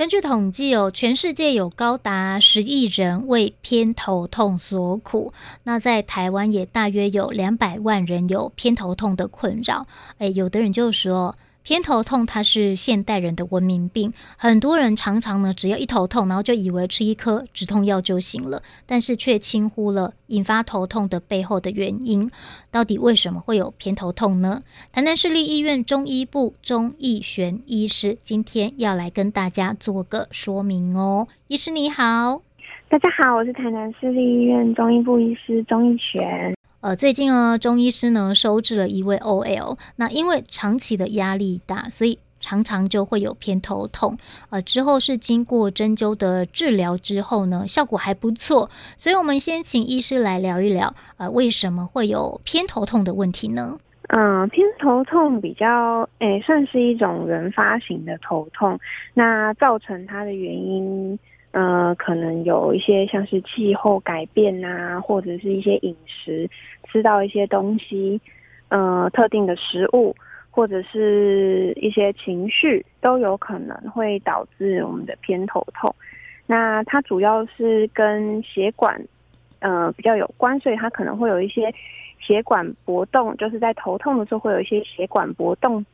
根據統計，哦，全世界有高達十億人為偏頭痛所苦。那在台灣也大約有兩百萬人有偏頭痛的困擾。哎，有的人就說。偏頭痛它是現代人的文明病，很多人常常呢，只要一頭痛，然後就以為吃一顆止痛藥就行了，但是卻輕忽了引發頭痛的背後的原因。到底為什麼會有偏頭痛呢？台南市立醫院中醫部鍾奕璇醫師今天要來跟大家做個說明哦。醫師你好。大家好，我是台南市立醫院中醫部醫師鍾奕璇。呃，最近呢，中醫師呢收治了一位 OL，那因為長期的壓力大，所以常常就會有偏頭痛。呃，之後是經過針灸的治療之後呢，效果還不錯。所以我們先請醫師來聊一聊，呃，為什麼會有偏頭痛的問題呢？呃，偏頭痛比較誒、欸，算是一種原發性的頭痛，那造成它的原因。呃，可能有一些像是氣候改變啊，或者是一些飲食吃到一些東西，呃，特定的食物或者是一些情緒，都有可能會導致我們的偏頭痛。那它主要是跟血管呃比較有關，所以它可能會有一些血管搏動，就是在頭痛的時候會有一些血管搏動。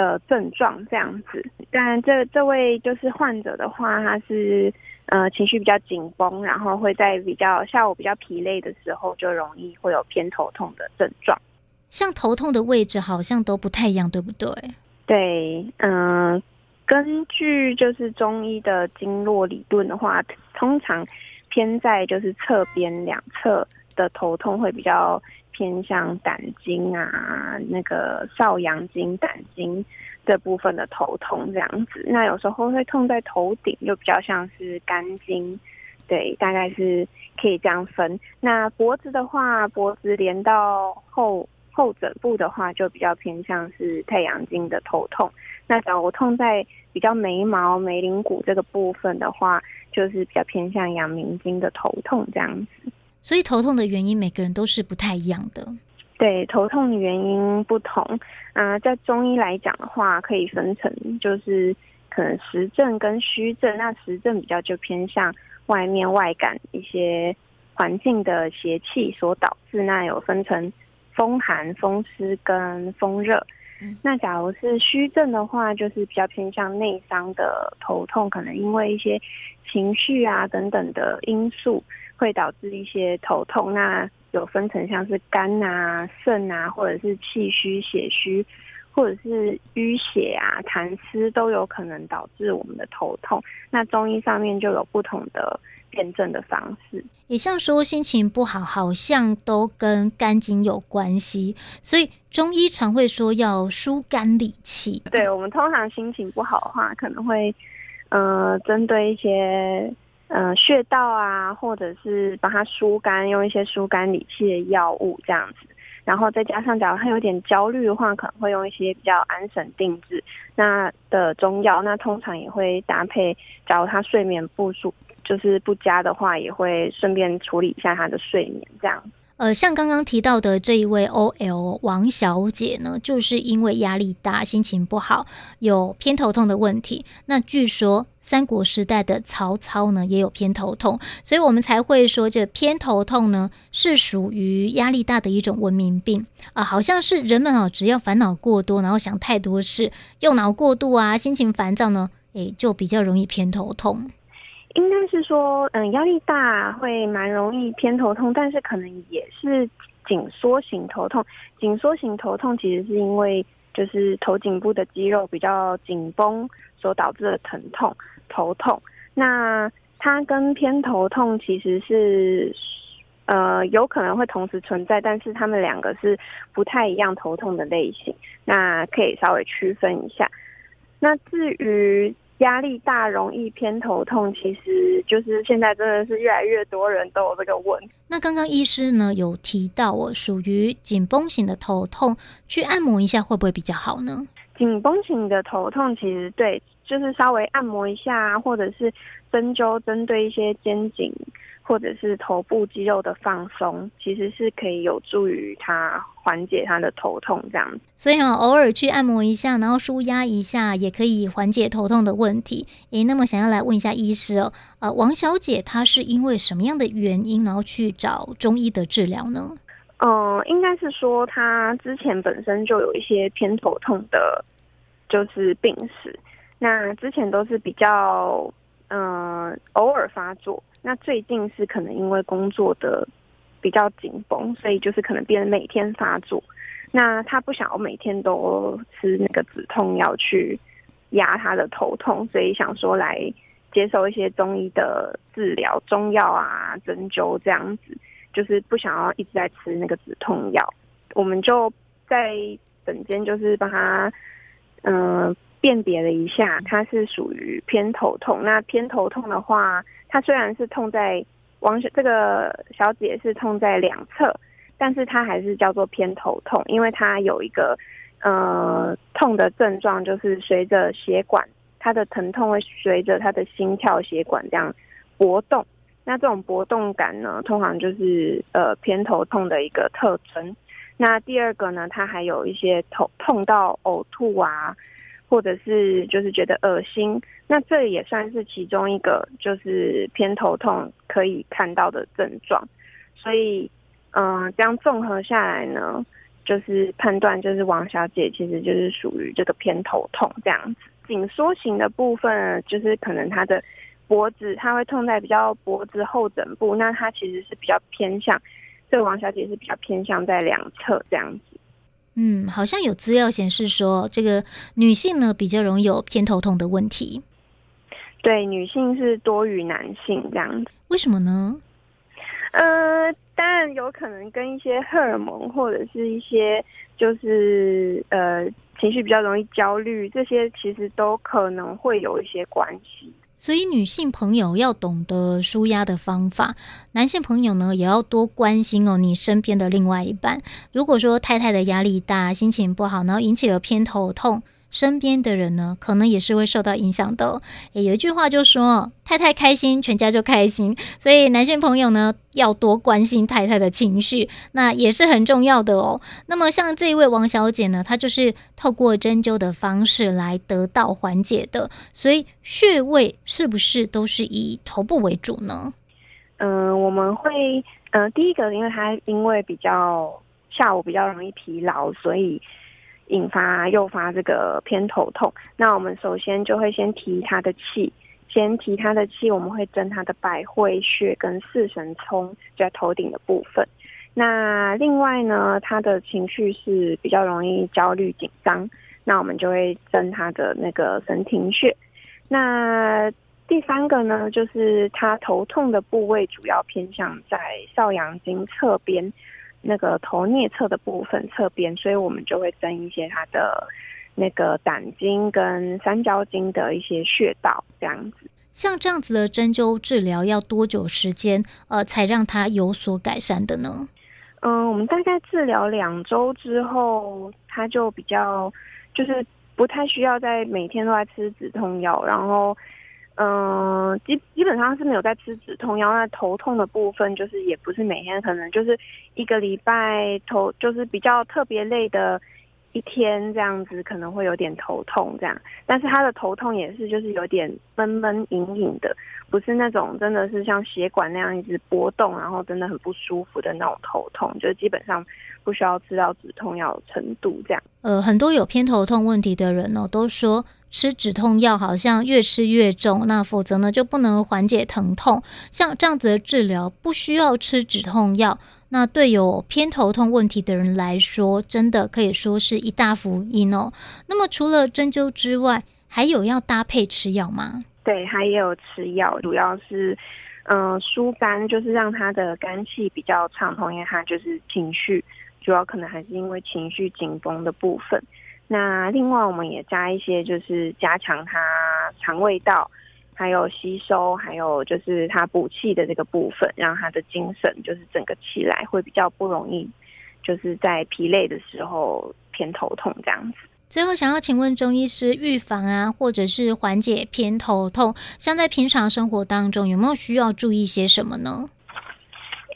的症狀這樣子，但這這位就是患者的話，他是呃情緒比較緊繃，然後會在比較下午比較疲累的時候，就容易會有偏頭痛的症狀。像頭痛的位置好像都不太一樣，對不對？對，嗯，呃，根據就是中醫的經絡理論的話，通常偏在就是側邊兩側。的頭痛會比較偏向膽經啊，那個少陽經、膽經這部分的頭痛這樣子。那有時候會痛在頭頂，就比較像是肝經，對，大概是可以這樣分。那脖子的話，脖子連到後後枕部的話，就比較偏向是太陽經的頭痛。那假如痛在比較眉毛、眉稜骨這個部分的話，就是比較偏向陽明經的頭痛這樣子。所以頭痛的原因每個人都是不太一樣的。對，頭痛的原因不同。啊，呃，在中醫來講的話，可以分成就是可能實症跟虛症。那實症比較就偏向外面外感一些環境的邪氣所導致。那有分成風寒、風濕跟風熱。嗯，那假如是虛症的話，就是比較偏向內傷的頭痛，可能因為一些情緒啊等等的因素。會導致一些頭痛，那有分成像是肝啊、腎啊，或者是氣虛、血虛，或者是淤血啊、痰濕都有可能導致我們的頭痛。那中醫上面就有不同的辨證的方式。也像說心情不好，好像都跟肝經有關係，所以中醫常會說要疏肝理氣。對，我們通常心情不好的話，可能會呃針對一些。嗯、呃，穴道啊，或者是幫他疏肝，用一些疏肝理氣的藥物這樣子。然後再加上，假如他有點焦慮的話，可能會用一些比較安神定制志那的中藥。那通常也會搭配，假如他睡眠不足，就是不佳的話，也會順便處理一下他的睡眠這樣。呃，像剛剛提到的這一位 OL 王小姐呢，就是因為壓力大，心情不好，有偏頭痛的問題。那據說。三國時代的曹操呢，也有偏頭痛，所以我們才會說，這偏頭痛呢是屬於壓力大的一種文明病啊，呃。好像是人們啊，只要煩惱過多，然後想太多事，用腦過度啊，心情煩躁呢，欸，就比較容易偏頭痛。應該是說，嗯，壓力大會蠻容易偏頭痛，但是可能也是緊縮型頭痛。緊縮型頭痛其實是因為就是頭頸部的肌肉比較緊繃所導致的疼痛。頭痛，那它跟偏頭痛其實是呃有可能會同時存在，但是他們兩個是不太一樣頭痛的類型，那可以稍微區分一下。那至於壓力大容易偏頭痛，其實就是現在真的是越來越多人都有這個問。那剛剛醫師呢有提到我屬於緊繃型的頭痛，去按摩一下會不會比較好呢？緊繃型的頭痛其實對。就是稍微按摩一下，或者是針灸針對一些肩頸或者是頭部肌肉的放鬆，其實是可以有助於他緩解他的頭痛這樣子。所以喔，偶爾去按摩一下，然後舒壓一下，也可以緩解頭痛的問題。誒、欸，那麼想要來問一下醫師哦、喔，呃，王小姐她是因為什麼樣的原因，然後去找中醫的治療呢？哦、呃，應該是說她之前本身就有一些偏頭痛的，就是病史。那之前都是比較，呃，偶爾發作。那最近是可能因為工作的比較緊繃，所以就是可能變得每天發作。那他不想要每天都吃那個止痛藥去壓他的頭痛，所以想說來接受一些中醫的治療，中藥啊、針灸這樣子，就是不想要一直在吃那個止痛藥。我們就在本間就是把他，嗯、呃。辨別了一下，它，是屬於偏頭痛。那偏頭痛的話，它雖然是痛在王小這個小姐是痛在兩側，但是它還是叫做偏頭痛，因為它有一個呃痛的症狀，就是隨着血管，它的疼痛會隨着它的心跳血管這樣搏動。那這種搏動感呢，通常就是呃偏頭痛的一個特徵。那第二個呢，它還有一些頭痛，痛到嘔吐啊。或者是就是覺得噁心，那這也算是其中一個就是偏頭痛可以看到的症狀。所以，嗯、呃，這樣綜合下來呢，就是判斷就是王小姐其實就是屬於這個偏頭痛這樣子。緊縮型的部分就是可能她的脖子，他會痛在比較脖子後枕部，那她其實是比較偏向，這個王小姐是比較偏向在兩側這樣子。嗯，好像有資料顯示說，這個女性呢比較容易有偏頭痛的問題。對，女性是多於男性這樣子。為什麼呢？呃，當然有可能跟一些荷爾蒙或者是一些就是呃情緒比較容易焦慮，這些其實都可能會有一些關係。所以，女性朋友要懂得舒壓的方法，男性朋友呢也要多關心哦，你身邊的另外一半。如果說太太的壓力大，心情不好，然後引起了偏頭痛。身邊的人呢，可能也是會受到影響的哦。有一句話就說：“太太開心，全家就開心。”所以男性朋友呢，要多關心太太的情緒，那也是很重要的哦。那麼像這一位王小姐呢，她就是透過針灸的方式來得到緩解的。所以穴位是不是都是以頭部為主呢？嗯、呃，我們會，呃，第一個，因為她因為比較下午比較容易疲勞，所以。引發誘發這個偏頭痛，那我們首先就會先提他的氣，先提他的氣，我們會針他的百會穴跟四神聰在頭頂的部分。那另外呢，他的情緒是比較容易焦慮緊張，那我們就會針他的那個神庭穴。那第三個呢，就是他頭痛的部位主要偏向在少陽經側邊。那個頭顳側的部分側邊，所以我們就會針一些它的那個膽經跟三焦經的一些穴道，這樣子。像這樣子的針灸治療要多久時間，呃，才讓它有所改善的呢？嗯，我們大概治療兩周之後，它就比較就是不太需要再每天都在吃止痛藥，然後。嗯，基、呃、基本上是沒有在吃止痛藥。那頭痛的部分，就是也不是每天，可能就是一個禮拜頭，就是比較特別累的一天這樣子，可能會有點頭痛這樣。但是他的頭痛也是，就是有點悶悶隱隱的，不是那種真的是像血管那樣一直波動，然後真的很不舒服的那種頭痛。就是基本上不需要吃到止痛藥程度這樣。呃，很多有偏頭痛問題的人呢、哦，都說。吃止痛藥好像越吃越重，那否則呢就不能緩解疼痛。像這樣子的治療不需要吃止痛藥，那對有偏頭痛問題的人來說，真的可以說是一大福音哦。那麼除了針灸之外，還有要搭配吃藥嗎？對，還有吃藥，主要是嗯，呃、疏肝，就是讓他的肝氣比較暢通，因為他就是情緒，主要可能還是因為情緒緊繃的部分。那另外我們也加一些，就是加強它腸胃道，還有吸收，還有就是它補氣的這個部分，讓他的精神就是整個起來會比較不容易，就是在疲累的時候偏頭痛這樣子。最後想要請問中醫師，預防啊，或者是緩解偏頭痛，像在平常生活當中有沒有需要注意些什麼呢？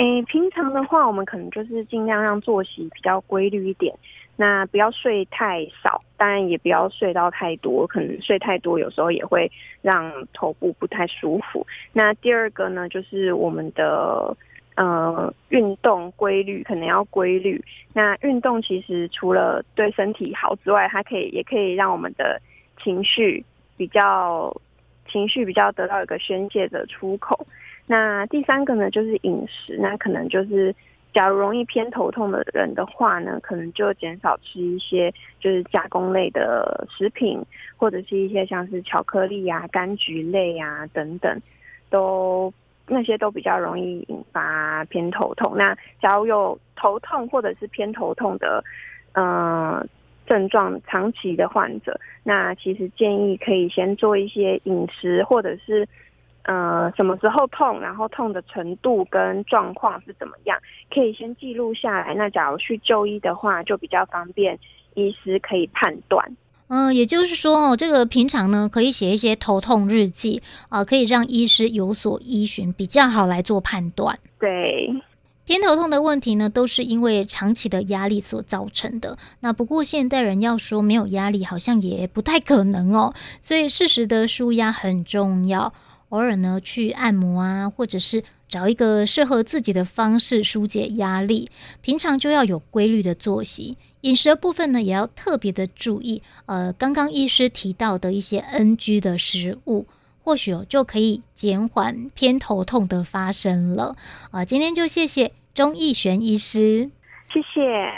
誒、欸，平常的話，我們可能就是盡量讓作息比較規律一點。那不要睡太少，當然也不要睡到太多，可能睡太多有時候也會讓頭部不太舒服。那第二個呢，就是我們的，呃，運動規律，可能要規律。那運動其實除了對身體好之外，它可以，也可以讓我們的情緒比較，情緒比較得到一個宣洩的出口。那第三個呢，就是飲食，那可能就是。假如容易偏頭痛的人的話呢，可能就減少吃一些就是加工類的食品，或者是一些像是巧克力啊、柑橘類啊等等，都那些都比較容易引發偏頭痛。那假如有頭痛或者是偏頭痛的呃症狀，長期的患者，那其實建議可以先做一些飲食，或者是。呃，什麼時候痛，然後痛的程度跟狀況是怎麼樣，可以先記錄下來。那假如去就醫的話，就比較方便，醫師可以判斷。嗯、呃，也就是說哦，這個平常呢可以寫一些頭痛日記啊、呃，可以讓醫師有所依循，比較好來做判斷。對，偏頭痛的問題呢，都是因為長期的壓力所造成的。那不過現代人要說沒有壓力，好像也不太可能哦。所以適時的舒壓很重要。偶爾呢，去按摩啊，或者是找一個適合自己的方式疏解壓力。平常就要有規律的作息，飲食的部分呢，也要特別的注意。呃，剛剛醫師提到的一些 NG 的食物，或許就可以減緩偏頭痛的發生了。啊、呃，今天就謝謝鍾奕璇醫師，謝謝。